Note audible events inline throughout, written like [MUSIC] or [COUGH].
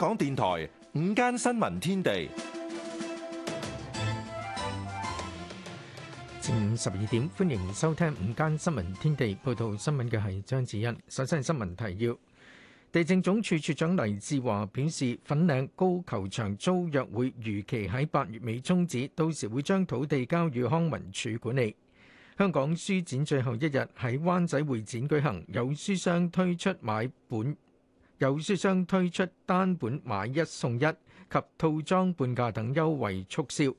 港電台午間新聞天地，正午十二點，歡迎收聽午間新聞天地。報道新聞嘅係張子欣。首先係新聞提要。地政總署署長黎志華表示，粉嶺高球場租約會如期喺八月尾終止，到時會將土地交予康文署管理。香港書展最後一日喺灣仔會展舉行，有書商推出買本。有書商推出單本買一送一及套裝半價等優惠促銷。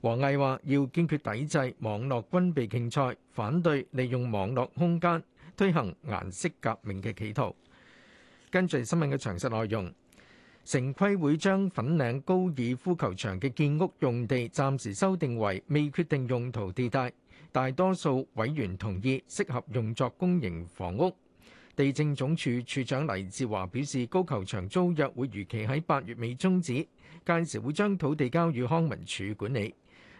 王毅話：要堅決抵制網絡軍備競賽，反對利用網絡空間推行顏色革命嘅企圖。跟住新聞嘅詳細內容，城規會將粉嶺高爾夫球場嘅建屋用地暫時修訂為未決定用途地帶，大多數委員同意適合用作公營房屋。地政總署署長黎志華表示，高球場租約會如期喺八月尾終止，屆時會將土地交予康文署管理。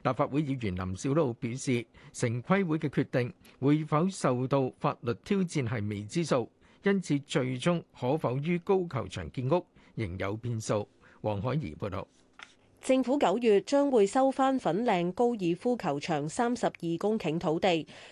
立法會議員林筱魯表示，城規會嘅決定會否受到法律挑戰係未知數，因此最終可否於高球場建屋仍有變數。黃海怡報道。政府九月將會收翻粉嶺高爾夫球場三十二公頃土地，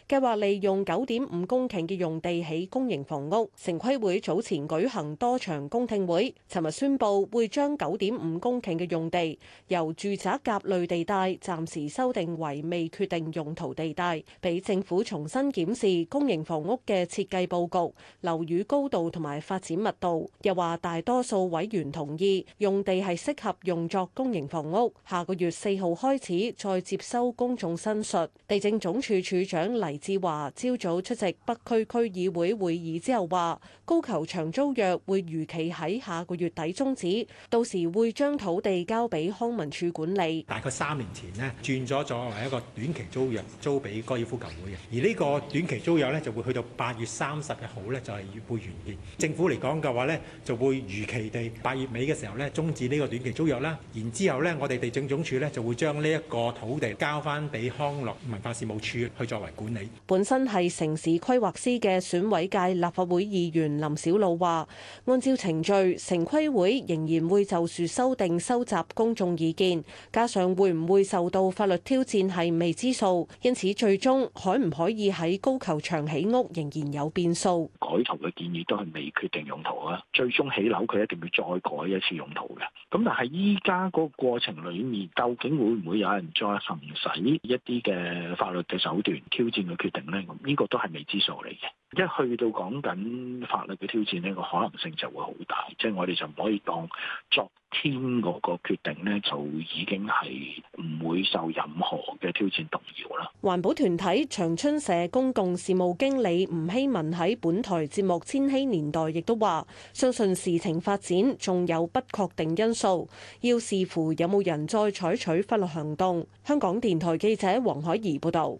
計劃利用九點五公頃嘅用地起公營房屋。城規會早前舉行多場公聽會，尋日宣布會將九點五公頃嘅用地由住宅甲類地帶暫時修訂為未決定用途地帶，俾政府重新檢視公營房屋嘅設計佈局、樓宇高度同埋發展密度。又話大多數委員同意用地係適合用作公營房。房屋下個月四號開始再接收公眾申述。地政總署署長黎志華朝早出席北區區議會會議之後話，高球場租約會如期喺下個月底終止，到時會將土地交俾康文署管理。大概三年前呢轉咗作為一個短期租約租俾高爾夫球會嘅，而呢個短期租約呢就會去到八月三十一號呢就係會完結。政府嚟講嘅話呢就會如期地八月尾嘅時候呢終止呢個短期租約啦，然之後咧。我哋地政總署咧就會將呢一個土地交翻俾康樂文化事務署去作為管理。本身係城市規劃師嘅選委界立法會議員林小露話，按照程序，城規會仍然會就住修訂收集公眾意見，加上會唔會受到法律挑戰係未知數，因此最終可唔可以喺高球場起屋仍然有變數。改圖嘅建議都係未決定用途啊，最終起樓佢一定要再改一次用途嘅。咁但係依家嗰個。過程裏面究竟會唔會有人再行使一啲嘅法律嘅手段挑戰個決定咧？呢、咁呢個都係未知數嚟嘅。一去到講緊法律嘅挑戰呢個可能性就會好大，即係我哋就唔可以當昨天嗰個決定咧，就已經係唔會受任何嘅挑戰動搖啦。環保團體長春社公共事務經理吳希文喺本台節目《千禧年代》亦都話相信事情發展仲有不確定因素，要視乎有冇人再採取法律行動，香港電台記者黃海怡報道。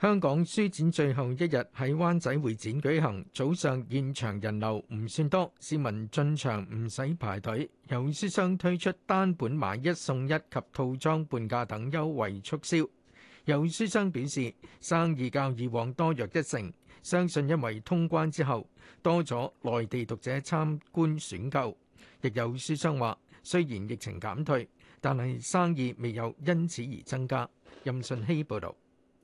香港書展最後一日喺灣仔會展舉行，早上現場人流唔算多，市民進場唔使排隊。有書商推出單本買一送一及套裝半價等優惠促銷。有書商表示，生意較以往多約一成，相信因為通關之後多咗內地讀者參觀選購。亦有書商話，雖然疫情減退，但係生意未有因此而增加。任信希報導。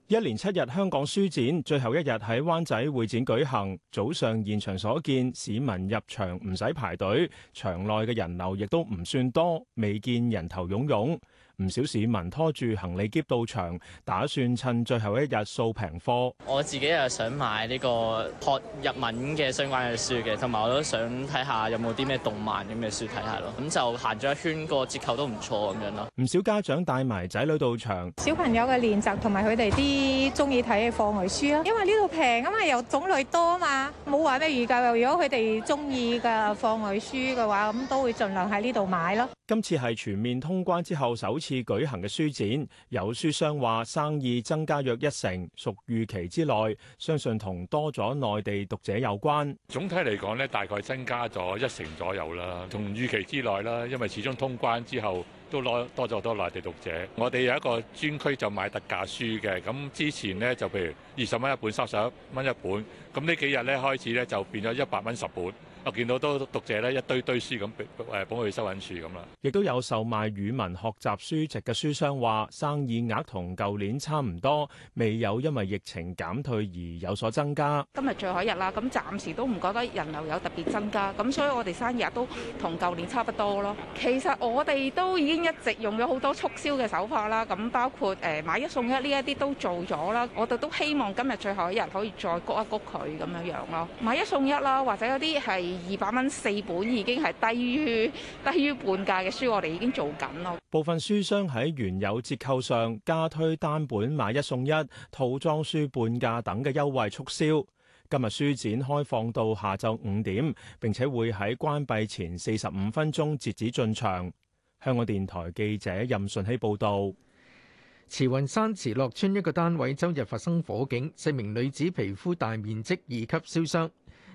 一連七日香港書展，最後一日喺灣仔會展舉行，早上現場所見，市民入場唔使排隊，場內嘅人流亦都唔算多，未見人頭湧湧。唔少市民拖住行李篋到場，打算趁最後一日掃平貨。我自己又想買呢個學日文嘅相關嘅書嘅，同埋我都想睇下有冇啲咩動漫咁嘅書睇下咯。咁就行咗一圈，個折扣都唔錯咁樣咯。唔少家長帶埋仔女到場，小朋友嘅練習同埋佢哋啲中意睇嘅課外書啊。因為呢度平啊嘛，又種類多啊嘛，冇話咩預計。如果佢哋中意嘅課外書嘅話，咁都會盡量喺呢度買咯。今次係全面通關之後首次舉行嘅書展，有書商話生意增加約一成，屬預期之內，相信同多咗內地讀者有關。總體嚟講呢，大概增加咗一成左右啦，同預期之內啦，因為始終通關之後都攞多咗多內地讀者。我哋有一個專區就買特價書嘅，咁之前呢，就譬如二十蚊一本，三十一蚊一本，咁呢幾日咧開始咧就變咗一百蚊十本。我見到多讀者咧一堆堆書咁，誒幫佢收銀處咁啦。亦都有售賣語文學習書籍嘅書商話，生意額同舊年差唔多，未有因為疫情減退而有所增加。今日最後一日啦，咁暫時都唔覺得人流有特別增加，咁所以我哋生日都同舊年差不多咯。其實我哋都已經一直用咗好多促銷嘅手法啦，咁包括誒買一送一呢一啲都做咗啦。我哋都希望今日最後一日可以再谷一谷佢咁樣樣咯，買一送一啦，或者有啲係。二百蚊四本已經係低於低於半價嘅書，我哋已經做緊咯。部分書商喺原有折扣上加推單本買一送一、套裝書半價等嘅優惠促銷。今日書展開放到下晝五點，並且會喺關閉前四十五分鐘截止進場。香港電台記者任順希報導。慈雲山慈樂村一個單位周日發生火警，四名女子皮膚大面積二級燒傷。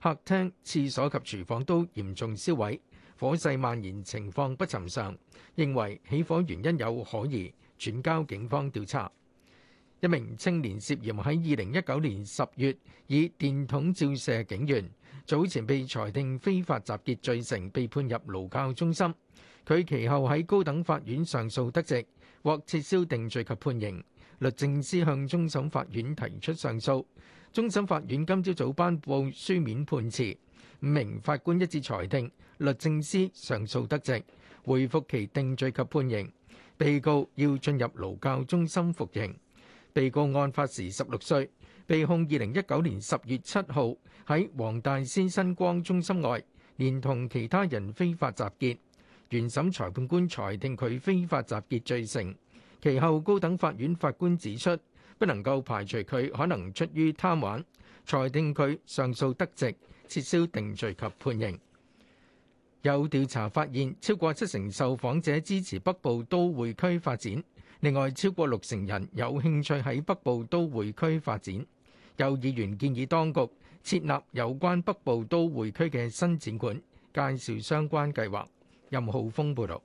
客廳，廁所及廚房都嚴重燒毀，火勢蔓延情況不尋常，認為起火原因有可疑，轉交警方調查。一名青年涉嫌在2019年10月，以電筒照射警員，早前被裁定非法集結罪成被判入勞教中心，他其後在高等法院上訴得直，獲撤銷定罪及判刑，律政司向終審法院提出上訴。終審法院今朝早頒佈書面判詞，五名法官一致裁定律政司上訴得直，回復其定罪及判刑，被告要進入勞教中心服刑。被告案發時十六歲，被控二零一九年十月七號喺黃大仙新光中心外，連同其他人非法集結。原審裁判官裁定佢非法集結罪成。其後高等法院法官指出，不能夠排除佢可能出於貪玩，裁定佢上訴得直，撤銷定罪及判刑。有調查發現，超過七成受訪者支持北部都會區發展，另外超過六成人有興趣喺北部都會區發展。有議員建議當局設立有關北部都會區嘅新展館，介紹相關計劃。任浩峯報導。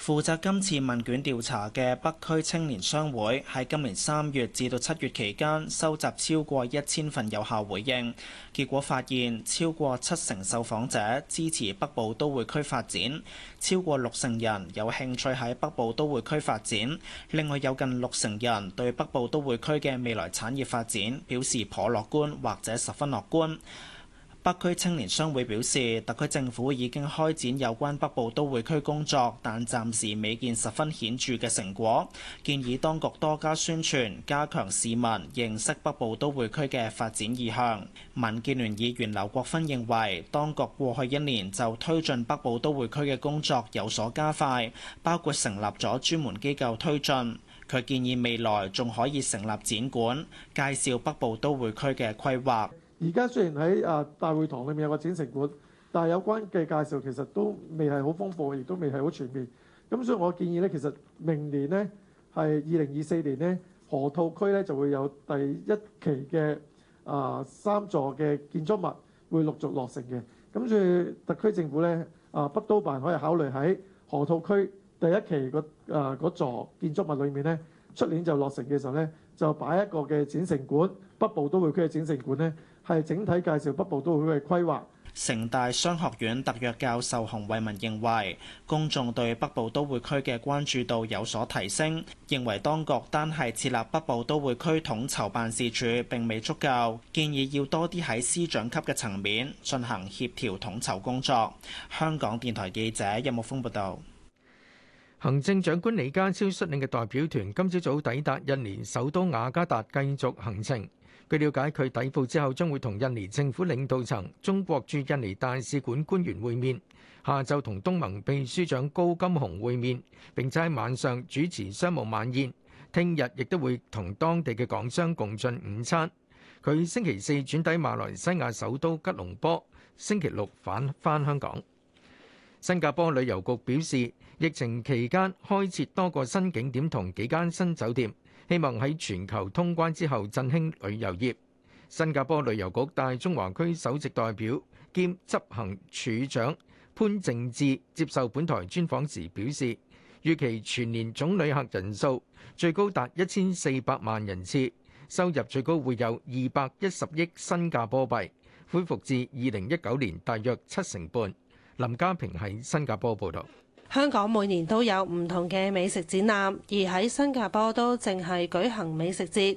負責今次問卷調查嘅北區青年商會喺今年三月至到七月期間收集超過一千份有效回應，結果發現超過七成受訪者支持北部都會區發展，超過六成人有興趣喺北部都會區發展，另外有近六成人對北部都會區嘅未來產業發展表示頗樂觀或者十分樂觀。北區青年商會表示，特區政府已經開展有關北部都會區工作，但暫時未見十分顯著嘅成果。建議當局多加宣傳，加強市民認識北部都會區嘅發展意向。民建聯議員劉國勳認為，當局過去一年就推進北部都會區嘅工作有所加快，包括成立咗專門機構推進。佢建議未來仲可以成立展館，介紹北部都會區嘅規劃。而家雖然喺啊大會堂裏面有個展城館，但係有關嘅介紹其實都未係好豐富，亦都未係好全面。咁所以我建議咧，其實明年咧係二零二四年咧，河套區咧就會有第一期嘅啊、呃、三座嘅建築物會陸續落成嘅。跟住特區政府咧啊、呃、北都辦可以考慮喺河套區第一期個嗰、呃、座建築物裏面咧，出年就落成嘅時候咧，就擺一個嘅展城館，北部都會區嘅展城館咧。係整體介紹北部都會嘅規劃。城大商學院特約教授洪惠文認為，公眾對北部都會區嘅關注度有所提升，認為當局單係設立北部都會區統籌辦事處並未足夠，建議要多啲喺司長級嘅層面進行協調統籌工作。香港電台記者任木峯報道：「行政長官李家超率領嘅代表團今朝早抵達印尼首都雅加達，繼續行程。據了解，佢抵埗之後將會同印尼政府領導層、中國駐印尼大使館官員會面，下晝同東盟秘書長高金洪會面，並且喺晚上主持商務晚宴。聽日亦都會同當地嘅港商共進午餐。佢星期四轉抵馬來西亞首都吉隆坡，星期六返返香港。新加坡旅遊局表示，疫情期間開設多個新景點同幾間新酒店。希望喺全球通關之後振興旅遊業。新加坡旅遊局大中華區首席代表兼執行處長潘正志接受本台專訪時表示，預期全年總旅客人數最高達一千四百萬人次，收入最高會有二百一十億新加坡幣，恢復至二零一九年大約七成半。林家平喺新加坡報道。香港每年都有唔同嘅美食展覽，而喺新加坡都正係舉行美食節。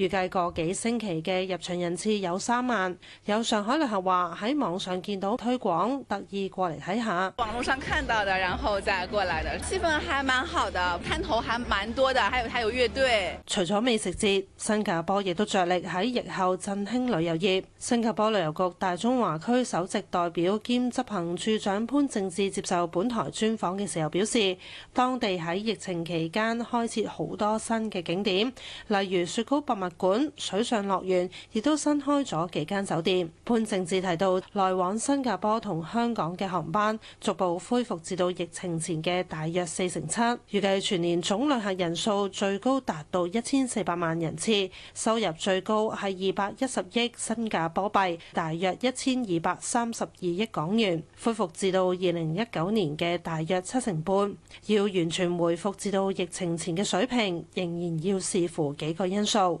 預計個幾星期嘅入場人次有三萬，有上海旅客話喺網上見到推廣，特意過嚟睇下。網絡上看到的，然後再過來的，氣氛還蠻好的，攤頭還蠻多的，還有還有樂隊，除咗美食節，新加坡亦都着力喺疫後振興旅遊業。新加坡旅遊局大中華區首席代表兼執行處長潘正志接受本台專訪嘅時候表示，當地喺疫情期間開設好多新嘅景點，例如雪糕博物。館、水上樂園亦都新開咗幾間酒店。潘正志提到，來往新加坡同香港嘅航班逐步恢復至到疫情前嘅大約四成七，預計全年總旅客人數最高達到一千四百萬人次，收入最高係二百一十億新加坡幣，大約一千二百三十二億港元，恢復至到二零一九年嘅大約七成半。要完全恢復至到疫情前嘅水平，仍然要視乎幾個因素。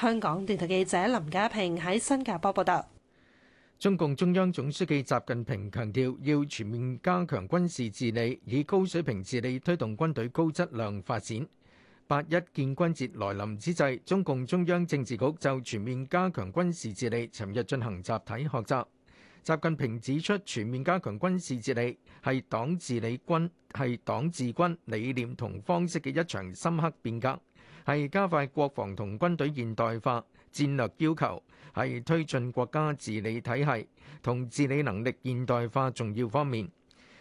香港電台記者林家平喺新加坡報道。中共中央總書記習近平強調，要全面加強軍事治理，以高水平治理推動軍隊高質量發展。八一建軍節來臨之際，中共中央政治局就全面加強軍事治理尋日進行集體學習。習近平指出，全面加強軍事治理係黨治理軍係黨治軍理念同方式嘅一場深刻變革，係加快國防同軍隊現代化戰略要求，係推進國家治理體系同治理能力現代化重要方面。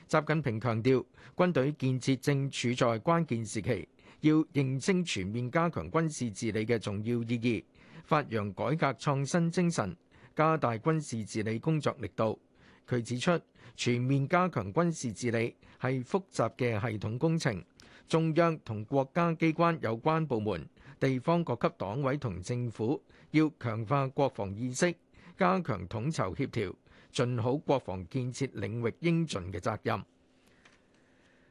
習近平強調，軍隊建設正處在關鍵時期，要認清全面加強軍事治理嘅重要意義，發揚改革創新精神，加大軍事治理工作力度。佢指出，全面加強軍事治理係複雜嘅系統工程。中央同國家機關有關部門、地方各級黨委同政府要強化國防意識，加強統籌協調，盡好國防建設領域應盡嘅責任。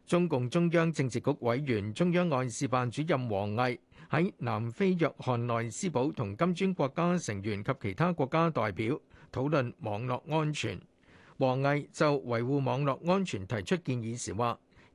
中共中央政治局委員、中央外事辦主任王毅喺南非約翰內斯堡同金磚國家成員及其他國家代表討論網絡安全。王毅就維護網絡安全提出建議時話：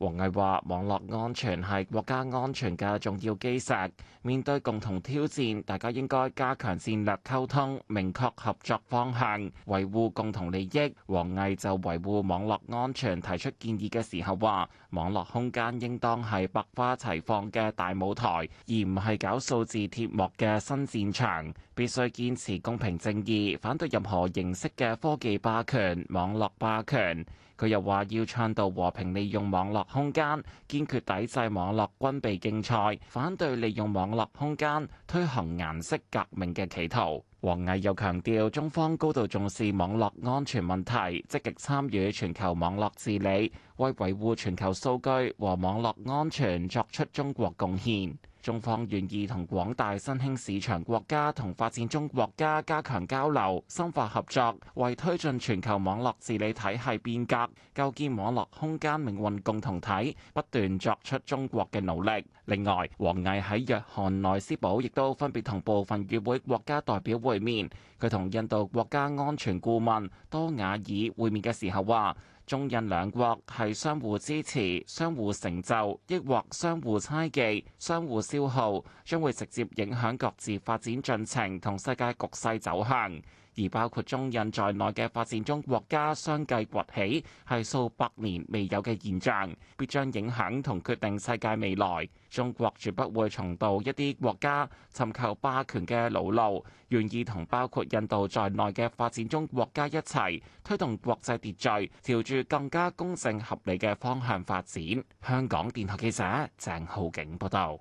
王毅話：網絡安全係國家安全嘅重要基石，面對共同挑戰，大家應該加強戰略溝通，明確合作方向，維護共同利益。王毅就維護網絡安全提出建議嘅時候話：網絡空間應當係百花齊放嘅大舞台，而唔係搞數字鐵幕嘅新戰場，必須堅持公平正義，反對任何形式嘅科技霸權、網絡霸權。佢又話要倡導和平利用網絡空間，堅決抵制網絡軍備競賽，反對利用網絡空間推行顏色革命嘅企圖。王毅又強調，中方高度重視網絡安全問題，積極參與全球網絡治理，為維護全球數據和網絡安全作出中國貢獻。中方願意同廣大新興市場國家同發展中國家加強交流、深化合作，為推進全球網絡治理體系變革、構建網絡空間命運共同體，不斷作出中國嘅努力。另外，王毅喺約翰內斯堡亦都分別同部分與會國家代表會面。佢同印度國家安全顧問多瓦爾會面嘅時候話：中印兩國係相互支持、相互成就，抑或相互猜忌、相互消耗，將會直接影響各自發展進程同世界局勢走向。而包括中印在內嘅發展中國家相繼崛起，係數百年未有嘅現象，必將影響同決定世界未來。中國絕不會重蹈一啲國家尋求霸權嘅老路，願意同包括印度在內嘅發展中國家一齊推動國際秩序朝住更加公正合理嘅方向發展。香港電台記者鄭浩景報道。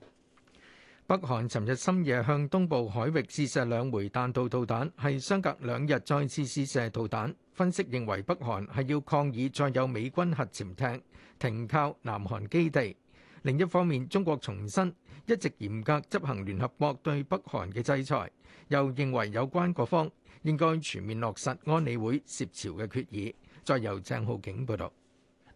北韓尋日深夜向東部海域試射兩枚彈道導彈，係相隔兩日再次試射導彈。分析認為北韓係要抗議再有美軍核潛艇停靠南韓基地。另一方面，中國重申一直嚴格執行聯合國對北韓嘅制裁，又認為有關各方應該全面落實安理會涉朝嘅決議。再由鄭浩景報道。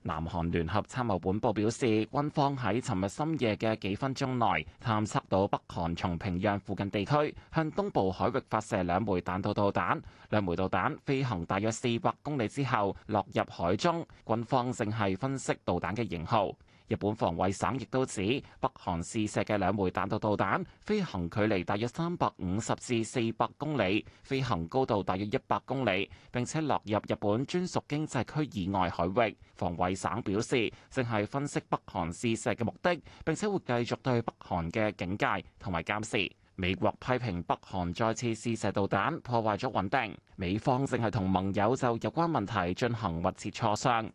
南韓聯合參謀本部表示，軍方喺尋日深夜嘅幾分鐘內，探測到北韓從平壤附近地區向東部海域發射兩枚彈道導彈，兩枚導彈飛行大約四百公里之後落入海中，軍方正係分析導彈嘅型號。日本防衛省亦都指，北韓試射嘅兩枚彈道導彈飛行距離大約三百五十至四百公里，飛行高度大約一百公里，並且落入日本專屬經濟區以外海域。防衛省表示，正係分析北韓試射嘅目的，並且會繼續對北韓嘅警戒同埋監視。美國批評北韓再次試射導彈，破壞咗穩定。美方正係同盟友就有關問題進行密切磋商。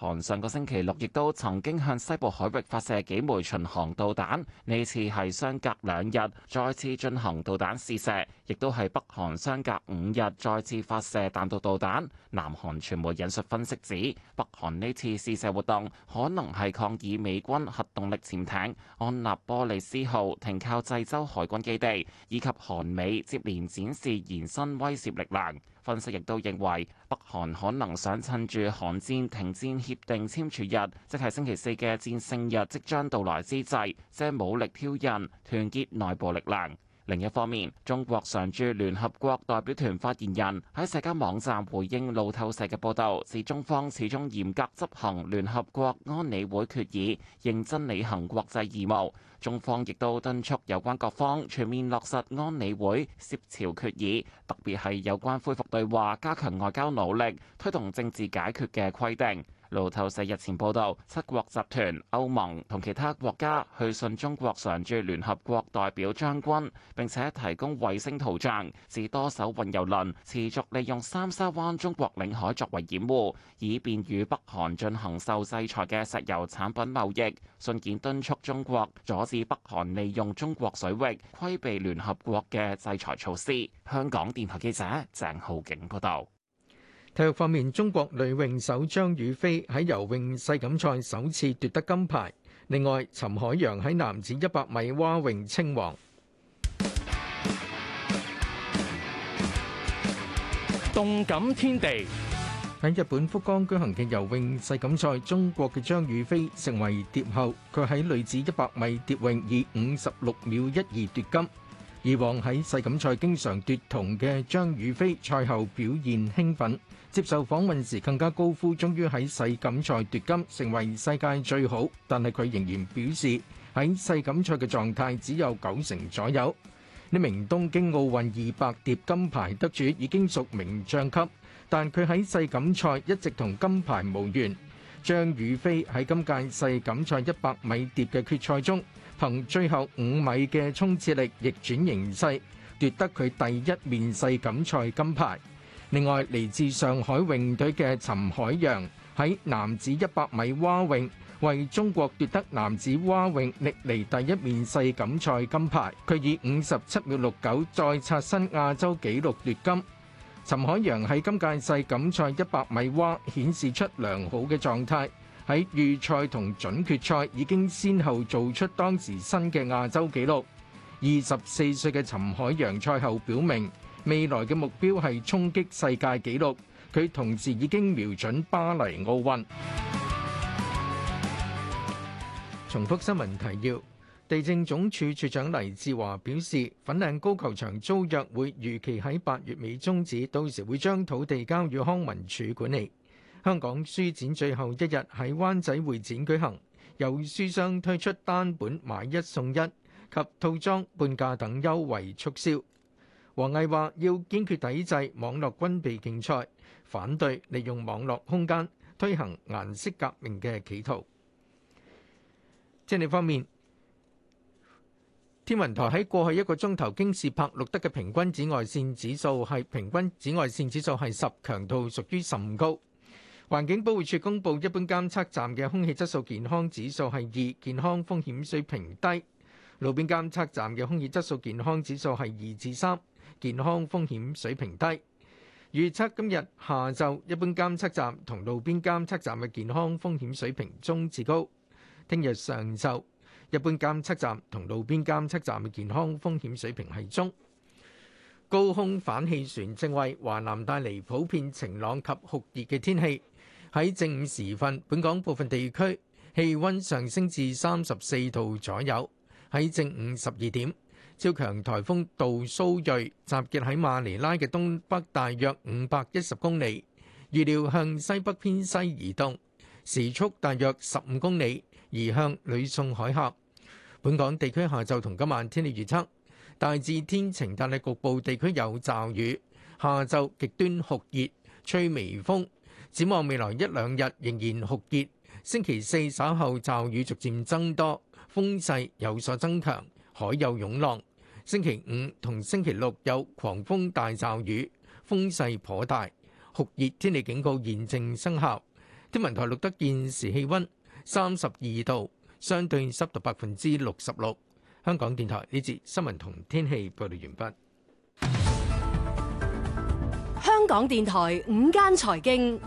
韓上個星期六亦都曾經向西部海域發射幾枚巡航導彈，呢次係相隔兩日再次進行導彈試射，亦都係北韓相隔五日再次發射彈道導彈。南韓傳媒引述分析指，北韓呢次試射活動可能係抗議美軍核動力潛艇安納波利斯號停靠濟州海軍基地，以及韓美接連展示延伸威懾力量。分析亦都認為，北韓可能想趁住韓戰停戰協定簽署日，即係星期四嘅戰勝日即將到來之際，借武力挑釁，團結內部力量。另一方面，中國常駐聯合國代表團發言人喺社交網站回應路透社嘅報導，指中方始終嚴格執行聯合國安理會決議，認真履行國際義務。中方亦都敦促有關各方全面落實安理會涉朝決議，特別係有關恢復對話、加強外交努力、推動政治解決嘅規定。路透社日前報道，七國集團、歐盟同其他國家去信中國常駐聯合國代表張軍，並且提供衛星圖像，指多艘運油輪持續利用三沙灣中國領海作為掩護，以便與北韓進行受制裁嘅石油產品貿易。信件敦促中國阻止北韓利用中國水域規避聯合國嘅制裁措施。香港電台記者鄭浩景報道。體育方面，中國女泳手張雨霏喺游泳世錦賽首次奪得金牌。另外，陳海洋喺男子一百米蛙泳稱王。動感天地。喺日本福岡舉行嘅游泳世錦賽，中國嘅張雨霏成為蝶后。佢喺女子一百米蝶泳以五十六秒一二奪金。以往喺世錦賽經常奪銅嘅張雨霏賽後表現興奮。接受訪問時，更加高呼終於喺世錦賽奪金，成為世界最好。但係佢仍然表示喺世錦賽嘅狀態只有九成左右。呢名東京奧運二百蝶金牌得主已經屬名將級，但佢喺世錦賽一直同金牌無緣。張雨霏喺今屆世錦賽一百米蝶嘅決賽中，憑最後五米嘅衝刺力逆轉形勢，奪得佢第一面世錦賽金牌。另外，嚟自上海泳隊嘅陳海洋喺男子一百米蛙泳為中國奪得男子蛙泳歷嚟第一面世錦賽金牌。佢以五十七秒六九再刷新亞洲紀錄奪金。陳海洋喺今屆世錦賽一百米蛙顯示出良好嘅狀態，喺預賽同準決賽已經先後做出當時新嘅亞洲紀錄。二十四歲嘅陳海洋賽後表明。未來嘅目標係衝擊世界紀錄，佢同時已經瞄準巴黎奧運。重複新聞提要：地政總署署長黎智華表示，粉嶺高球場租約會如期喺八月尾終止，到時會將土地交予康文署管理。香港書展最後一日喺灣仔會展舉行，由書商推出單本買一送一及套裝半價等優惠促銷。王毅話：要堅決抵制網絡軍備競賽，反對利用網絡空間推行顏色革命嘅企圖。天氣方面，天文台喺過去一個鐘頭京士柏錄得嘅平均紫外線指數係平均紫外線指數係十，強度屬於甚高。環境保護署公布一般監測站嘅空氣質素健康指數係二，健康風險水平低。路邊監測站嘅空氣質素健康指數係二至三。健康風險水平低，預測今日下晝一般監測站同路邊監測站嘅健康風險水平中至高。聽日上晝一般監測站同路邊監測站嘅健康風險水平係中。高空反氣旋正為華南帶嚟普遍晴朗及酷熱嘅天氣，喺正午時分，本港部分地區氣溫上升至三十四度左右。喺正午十二點。超強台風杜蘇芮，集結喺馬尼拉嘅東北，大約五百一十公里，預料向西北偏西移動，時速大約十五公里，移向呂宋海峽。本港地區下晝同今晚天氣預測大致天晴，但係局部地區有驟雨。下晝極端酷熱，吹微風。展望未來一兩日仍然酷熱，星期四稍後驟雨逐漸增多，風勢有所增強，海有湧浪。星期五同星期六有狂風大驟雨，風勢頗大，酷熱天氣警告現正生效。天文台錄得現時氣溫三十二度，相對濕度百分之六十六。香港電台呢節新聞同天氣報道完畢。香港電台午間財經。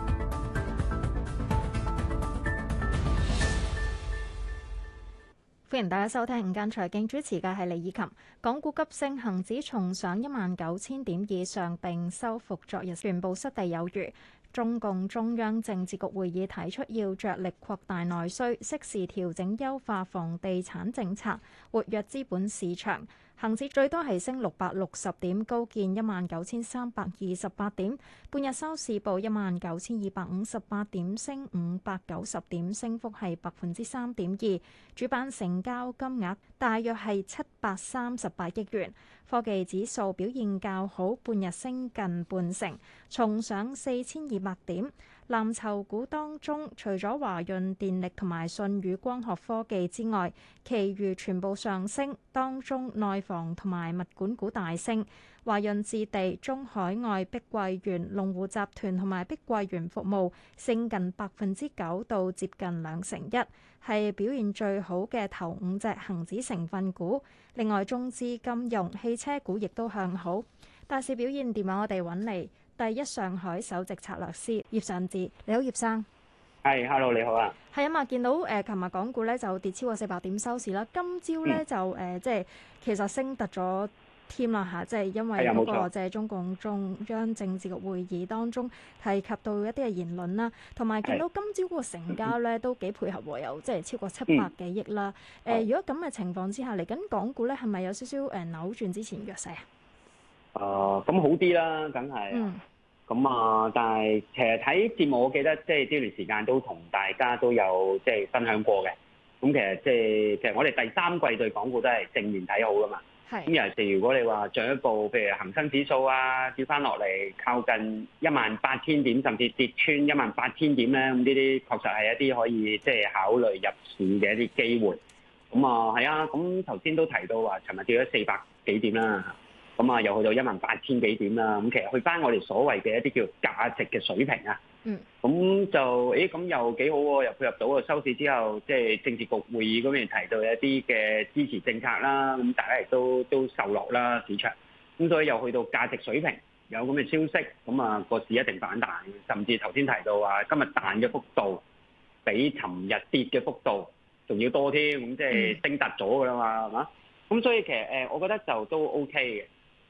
歡迎大家收聽午間財經，主持嘅係李以琴。港股急升，恒指重上一萬九千點以上，並收復昨日全部失地有餘。中共中央政治局會議提出，要着力擴大內需，適時調整優化房地產政策，活躍資本市場。恒指最多係升六百六十點，高見一萬九千三百二十八點，半日收市報一萬九千二百五十八點升，升五百九十點，升幅係百分之三點二。主板成交金額大約係七百三十八億元。科技指數表現較好，半日升近半成，重上四千二百點。藍籌股當中，除咗華潤電力同埋舜宇光學科技之外，其餘全部上升。當中內房同埋物管股大升，華潤置地、中海外、碧桂園、龍湖集團同埋碧桂園服務升近百分之九到接近兩成一，係表現最好嘅頭五隻恒指成分股。另外，中資金融、汽車股亦都向好，大市表現點啊？我哋搵嚟。第一上海首席策略師葉尚志，你好，葉生。係，hello，你好啊。係啊嘛，見到誒，琴、呃、日港股咧就跌超過四百點收市啦。今朝咧、嗯、就誒、呃，即係其實升突咗添啦嚇，即係因為嗰個借中共中央政治局會議當中提及到一啲嘅言論啦，同埋見到今朝嗰個成交咧、嗯、都幾配合喎，有即係超過七百幾億啦。誒、嗯呃，如果咁嘅情況之下，嚟緊港股咧係咪有少少誒扭轉之前弱勢啊？啊、呃，咁好啲啦，梗係、嗯。咁啊、嗯嗯，但係其實睇節目，我記得即係呢段時間都同大家都有即係分享過嘅。咁其實即、就、係、是、其實我哋第三季對港股都係正面睇好㗎嘛。咁是尤其如果你話進一步，譬如恒生指數啊跌返落嚟，靠近一萬八千點，甚至跌穿一萬八千點咧，咁呢啲確實係一啲可以即係考慮入市嘅一啲機會。咁啊，係啊，咁頭先都提到話，尋日跌咗四百幾點啦。咁啊，又去到一萬八千幾點啦。咁其實去返我哋所謂嘅一啲叫價值嘅水平啊。嗯。咁就，誒，咁又幾好喎、啊，又配合到啊。收市之後，即係政治局會議嗰邊提到一啲嘅支持政策啦。咁大家亦都都受落啦市場。咁所以又去到價值水平，有咁嘅消息，咁、那、啊個市一定反彈。甚至頭先提到話，今日彈嘅幅度比尋日跌嘅幅度仲要多添。咁即係升突咗噶啦嘛，係嘛、嗯？咁所以其實誒，我覺得就都 OK 嘅。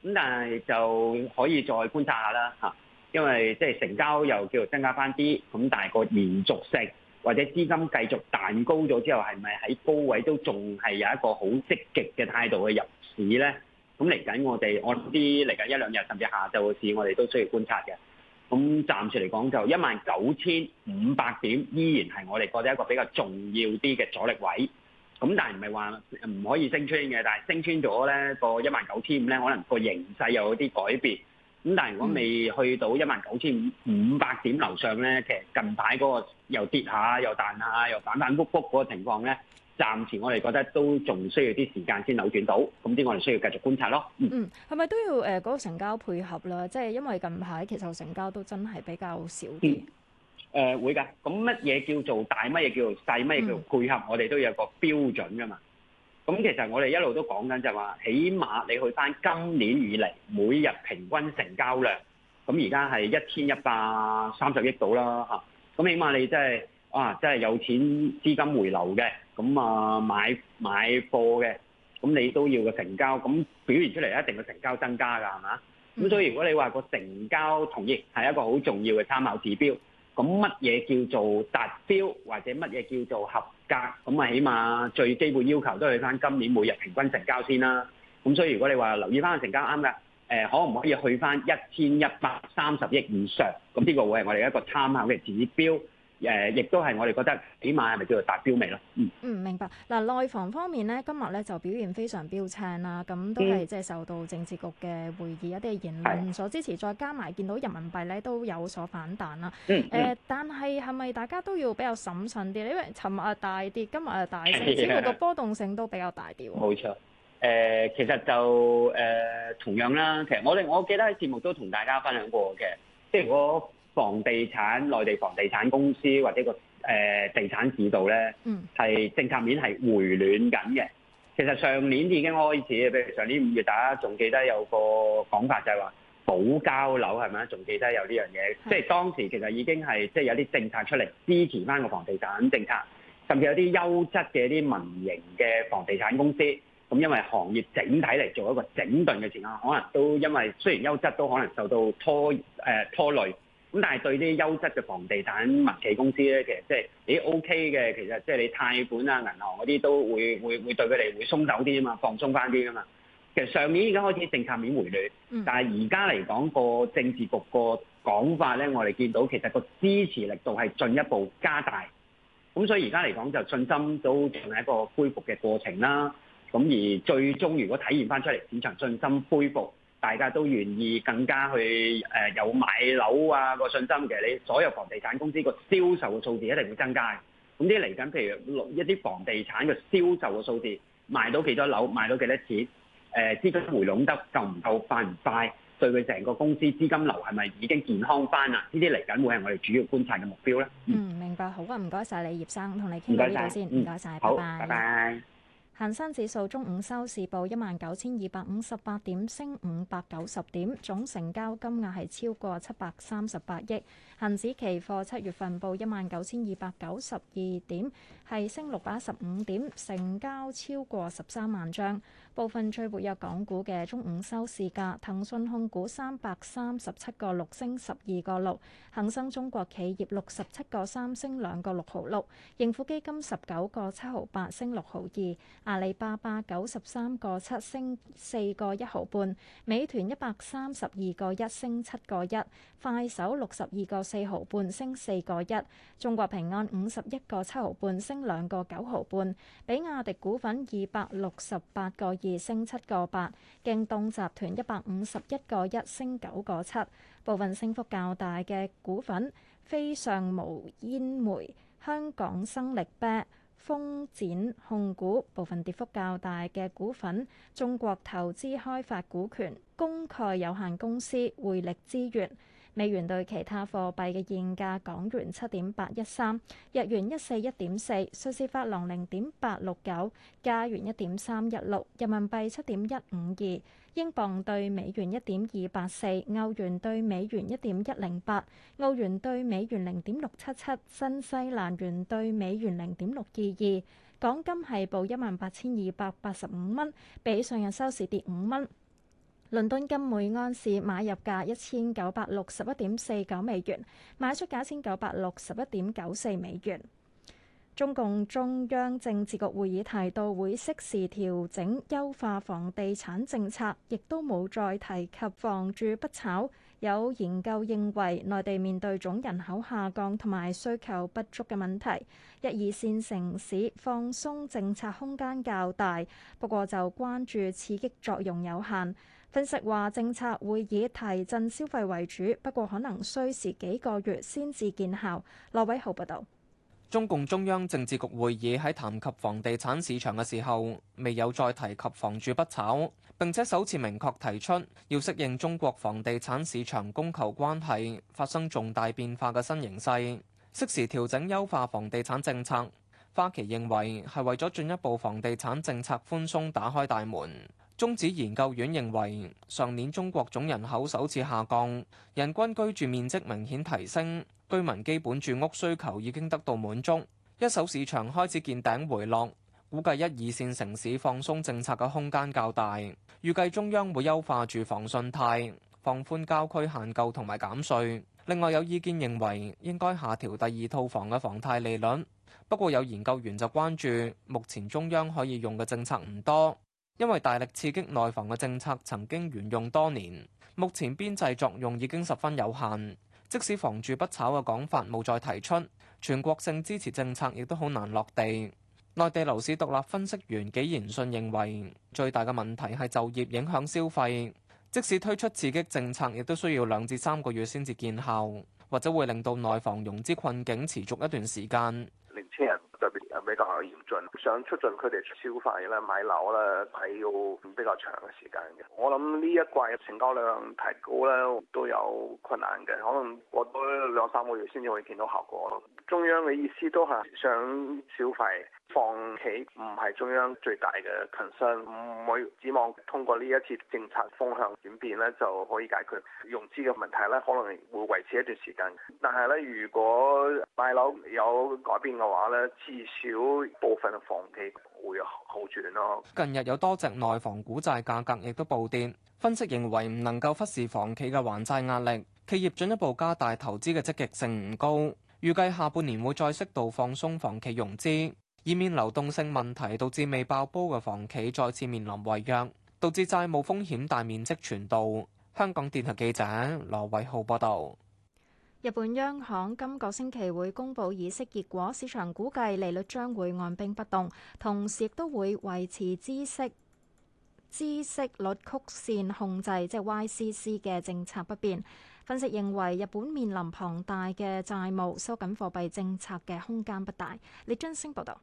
咁但係就可以再觀察下啦嚇，因為即係成交又叫做增加翻啲，咁但係個連續性或者資金繼續彈高咗之後，係咪喺高位都仲係有一個好積極嘅態度去入市咧？咁嚟緊我哋我啲嚟緊一兩日甚至下晝嘅市，我哋都需要觀察嘅。咁暫時嚟講，就一萬九千五百點依然係我哋覺得一個比較重要啲嘅阻力位。咁但係唔係話唔可以升穿嘅，但係升穿咗咧個一萬九千五咧，可能個形勢又有啲改變。咁但係如果未去到一萬九千五五百點樓上咧，其實近排嗰個又跌下又彈下又反反覆覆嗰個情況咧，暫時我哋覺得都仲需要啲時間先扭轉到。咁啲我哋需要繼續觀察咯。嗯，係咪都要誒嗰個成交配合啦？即係因為近排其實成交都真係比較少啲。嗯誒、呃、會㗎，咁乜嘢叫做大，乜嘢叫做細，乜嘢叫做配合，嗯、我哋都有個標準㗎嘛。咁其實我哋一路都講緊就係話，起碼你去翻今年以嚟每日平均成交量，咁而家係一千一百三十億到啦嚇。咁起碼你即、就、係、是、啊，即、就、係、是、有錢資金回流嘅，咁啊買買貨嘅，咁你都要個成交，咁表現出嚟一定個成交增加㗎，係嘛？咁所以如果你話個成交統計係一個好重要嘅參考指標。咁乜嘢叫做達標或者乜嘢叫做合格？咁啊，起碼最基本要求都去翻今年每日平均成交先啦。咁所以如果你話留意翻個成交啱唔啱？誒，可唔可以去翻一千一百三十億以上？咁呢個會係我哋一個參考嘅指標。誒，亦都係我哋覺得，起碼係咪叫做達標未咯？嗯，嗯，明白。嗱、呃，內房方面咧，今日咧就表現非常標青啦，咁都係即係受到政治局嘅會議、嗯、一啲嘅言論所支持，再加埋見到人民幣咧都有所反彈啦、嗯。嗯，呃、但係係咪大家都要比較審慎啲？因為尋日大跌，今日大升，整個 [LAUGHS] 波動性都比較大啲喎。冇 [LAUGHS] 錯，誒、呃，其實就誒、呃、同樣啦，其實我哋我記得喺節目都同大家分享過嘅，即係我。房地產、內地房地產公司或者個誒、呃、地產市道咧，係、嗯、政策面係回暖緊嘅。其實上年已經開始，譬如上年五月大家仲記得有個講法就係話保交樓，係咪？仲記得有呢樣嘢，是即係當時其實已經係即係有啲政策出嚟支持翻個房地產政策，甚至有啲優質嘅啲民營嘅房地產公司。咁因為行業整體嚟做一個整頓嘅情況，可能都因為雖然優質都可能受到拖誒、呃、拖累。咁但係對啲優質嘅房地產民企公司咧，其實即係你 OK 嘅，其實即係你貸款啊、銀行嗰啲都會會會對佢哋會鬆手啲啊嘛，放鬆翻啲啊嘛。其實上面已經開始政策面回暖，但係而家嚟講個政治局個講法咧，我哋見到其實個支持力度係進一步加大。咁所以而家嚟講就信心都仲係一個恢復嘅過程啦。咁而最終如果體現翻出嚟，市場信心恢復。大家都願意更加去誒，有買樓啊，個信心嘅，你所有房地產公司個銷售嘅數字一定會增加嘅。咁啲嚟緊，譬如一啲房地產嘅銷售嘅數字，賣到幾多樓，賣到幾多錢，誒，資金回籠得夠唔夠快唔快，對佢成個公司資金流係咪已經健康翻啊？呢啲嚟緊會係我哋主要觀察嘅目標咧。嗯，明白，好啊，唔該晒你，葉生，同你傾到呢度先，唔該晒，好，拜拜。恒生指數中午收市報一萬九千二百五十八點，升五百九十點，總成交金額係超過七百三十八億。恒指期貨七月份報一萬九千二百九十二點，係升六百一十五點，成交超過十三萬張。invece 部分最活躍港股嘅中午收市價，騰訊控股三百三十七個六升十二個六，恒生中國企業六十七個三升兩個六毫六，盈富基金十九個七毫八升六毫二，阿里巴巴九十三個七升四個一毫半，美團一百三十二個一升七個一，快手六十二個四毫半升四個一，中國平安五十一個七毫半升兩個九毫半，比亞迪股份二百六十八個二升七個八，京東集團一百五十一個一升九個七，部分升幅較大嘅股份，飛尚無煙煤、香港生力啤、風展控股；部分跌幅較大嘅股份，中國投資開發股權公蓋有限公司、匯力資源。美元兌其他貨幣嘅現價：港元七點八一三，日元一四一點四，瑞士法郎零點八六九，加元一點三一六，人民幣七點一五二，英鎊對美元一點二八四，歐元對美元一點一零八，澳元對美元零點六七七，新西蘭元對美元零點六二二。港金係報一萬八千二百八十五蚊，比上日收市跌五蚊。倫敦金每安士買入價一千九百六十一點四九美元，賣出價一千九百六十一點九四美元。中共中央政治局會議提到會適時調整優化房地產政策，亦都冇再提及房住不炒。有研究認為，內地面對總人口下降同埋需求不足嘅問題，一二線城市放鬆政策空間較大，不過就關注刺激作用有限。分析話政策會以提振消費為主，不過可能需時幾個月先至見效。羅偉豪報導。中共中央政治局會議喺談及房地產市場嘅時候，未有再提及房住不炒，並且首次明確提出要適應中國房地產市場供求關係發生重大變化嘅新形勢，適時調整優化房地產政策。花旗認為係為咗進一步房地產政策寬鬆，打開大門。中指研究院認為上年中國總人口首次下降，人均居住面積明顯提升，居民基本住屋需求已經得到滿足，一手市場開始見頂回落。估計一二線城市放鬆政策嘅空間較大，預計中央會優化住房信貸放寬郊區限購同埋減稅。另外有意見認為應該下調第二套房嘅房貸利率，不過有研究員就關注，目前中央可以用嘅政策唔多。因為大力刺激內房嘅政策曾經沿用多年，目前邊際作用已經十分有限。即使房住不炒嘅講法冇再提出，全國性支持政策亦都好難落地。內地樓市獨立分析員紀賢信認為，最大嘅問題係就業影響消費，即使推出刺激政策，亦都需要兩至三個月先至見效，或者會令到內房融資困境持續一段時間。比較嚴峻，想促進佢哋消費咧，買樓咧，係要比較長嘅時間嘅。我諗呢一季嘅成交量提高咧，都有困難嘅，可能過多兩三個月先至會見到效果。中央嘅意思都係想消費。房企唔係中央最大嘅 concern，唔會指望通過呢一次政策風向轉變咧就可以解決融資嘅問題咧。可能會維持一段時間。但係咧，如果買樓有改變嘅話咧，至少部分嘅房企會好轉咯，啊。近日有多隻內房股債價格亦都暴跌，分析認為唔能夠忽視房企嘅還債壓力，企業進一步加大投資嘅積極性唔高，預計下半年會再適度放鬆房企融資。以免流動性問題導致未爆煲嘅房企再次面臨違約，導致債務風險大面積傳導，香港電台記者羅偉浩報道。日本央行今個星期會公佈議息結果，市場估計利率將會按兵不動，同時亦都會維持孳息孳息率曲線控制，即係 YCC 嘅政策不變，分析認為日本面臨龐大嘅債務收緊貨幣政策嘅空間不大。李津星報道。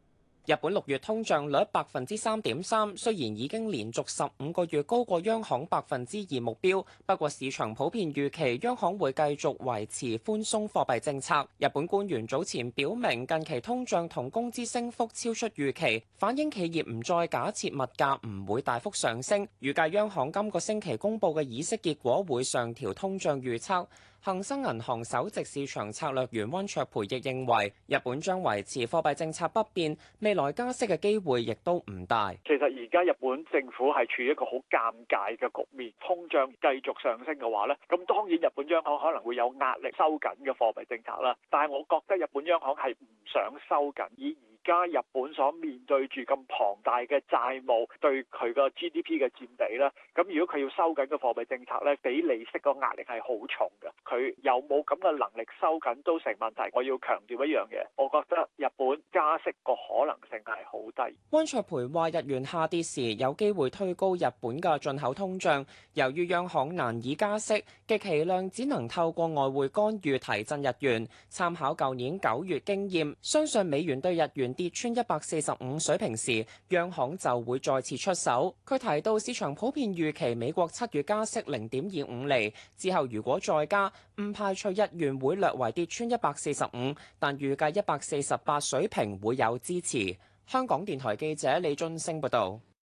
日本六月通脹率百分之三點三，雖然已經連續十五個月高過央行百分之二目標，不過市場普遍預期央行會繼續維持寬鬆貨幣政策。日本官員早前表明，近期通脹同工資升幅超出預期，反映企業唔再假設物價唔會大幅上升。預計央行今個星期公佈嘅議息結果會上調通脹預測。恒生銀行首席市場策略員温卓培亦認為，日本將維持貨幣政策不變，未來加息嘅機會亦都唔大。其實而家日本政府係處於一個好尷尬嘅局面，通脹繼續上升嘅話咧，咁當然日本央行可能會有壓力收緊嘅貨幣政策啦。但係我覺得日本央行係唔想收緊，以而家日本所面對住咁龐大嘅債務對佢個 GDP 嘅佔比咧，咁如果佢要收緊嘅貨幣政策咧，俾利息個壓力係好重㗎。佢有冇咁嘅能力收緊都成問題，我要強調一樣嘢，我覺得日本加息個可能性係好低。溫卓培話日元下跌時有機會推高日本嘅進口通脹，由於央行難以加息，極其量只能透過外匯干預提振日元。參考舊年九月經驗，相信美元對日元跌穿一百四十五水平時，央行就會再次出手。佢提到市場普遍預期美國七月加息零點二五厘，之後如果再加。唔排除日元會略為跌穿一百四十五，但預計一百四十八水平會有支持。香港電台記者李俊升報道。